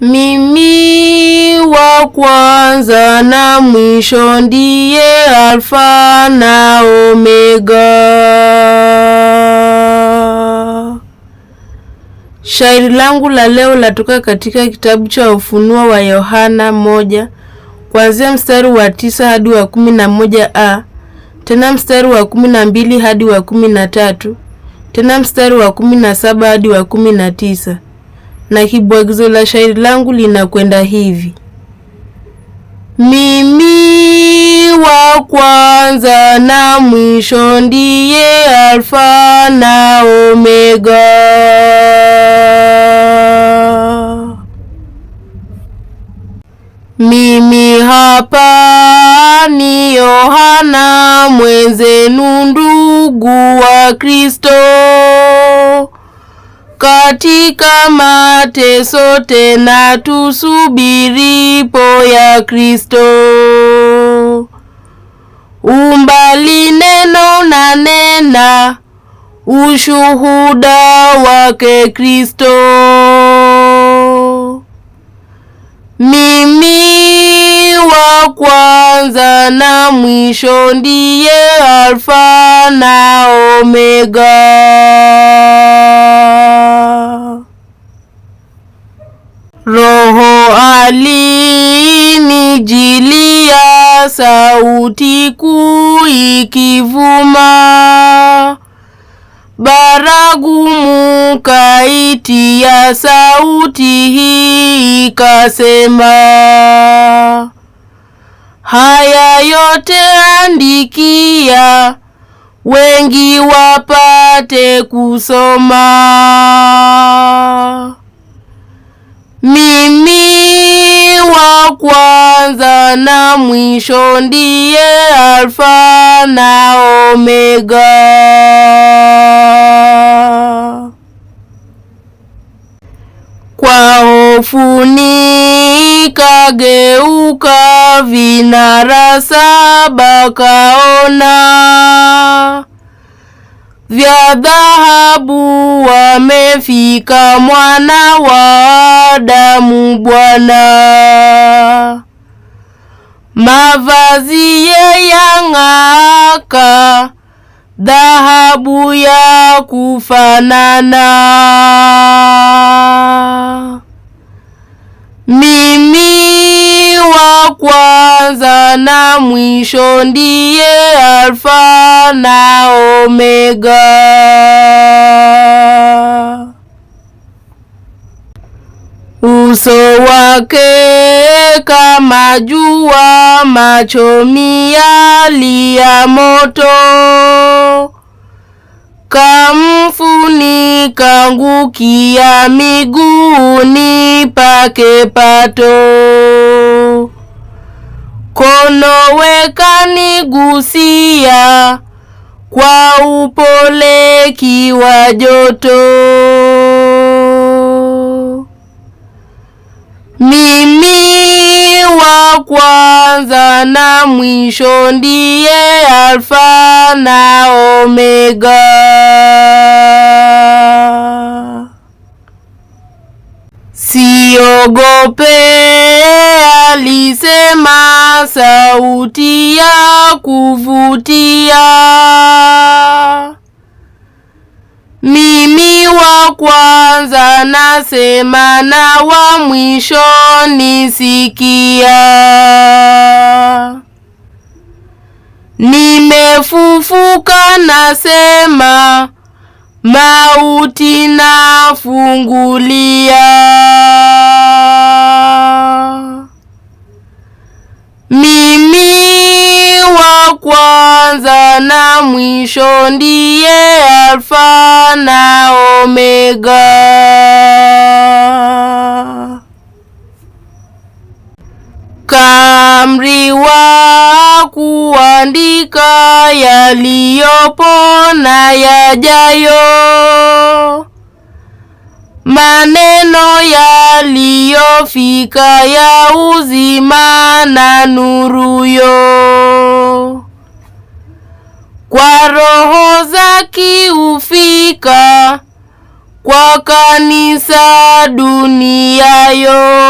Mimi wa kwanza na mwisho, ndiye Alfa na Omega. Shairi langu la leo latoka katika kitabu cha Ufunuo wa Yohana moja kuanzia mstari wa tisa hadi wa kumi na moja a tena mstari wa kumi na mbili hadi wa kumi na tatu tena mstari wa kumi na saba hadi wa kumi na tisa na kibwagizo la shairi langu linakwenda hivi: mimi wa kwanza na mwisho, ndiye Alfa na Omega. Mimi hapa ni Yohana mwenzenu, ndugu wa Kristo katika mateso, tena tusubiripo ya Kristo. Umbali neno na nena ushuhuda wake Kristo. Mimi wa kwanza na mwisho, ndiye Alfa na Omega. Roho alinijilia, sauti kuu ikivuma, baragumu kaitia, sauti hii ikasema, haya yote andikia wengi wapate kusoma. Mimi wa kwanza na mwisho, ndiye Alfa na Omega. Kwa hofu ni vikageuka vinara saba kaona, vya dhahabu wamefika mwana wa Adamu Bwana. Mavazi ye yang'aka, dhahabu ya kufanana mimi wa kwanza na mwisho, ndiye Alfa na Omega. Uso wake kama jua, macho miali ya moto, kamfu nikaangukia miguuni pake pato. weka nigusia, kwa upole kiwa joto. Mimi wa kwanza na mwisho, ndiye Alfa na Omega. Usiogope, alisema, sauti ya kuvutia. Mimi wa kwanza nasema, na wa mwisho nisikia. Nimefufuka nasema Mauti nafungulia, mimi wa kwanza na mwisho, ndiye Alfa na Omega wa kuandika yaliyopo na yajayo, maneno yaliyofika ya uzima na nuruyo, kwa roho za kiufika kwa kanisa duniayo.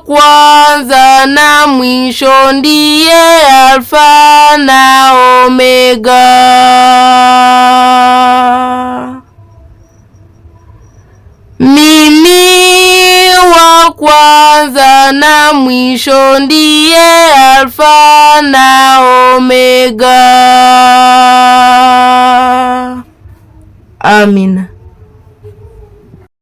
kwanza na mwisho, ndiye Alfa na Omega. Mimi wa kwanza na mwisho, ndiye Alfa na Omega. Amina.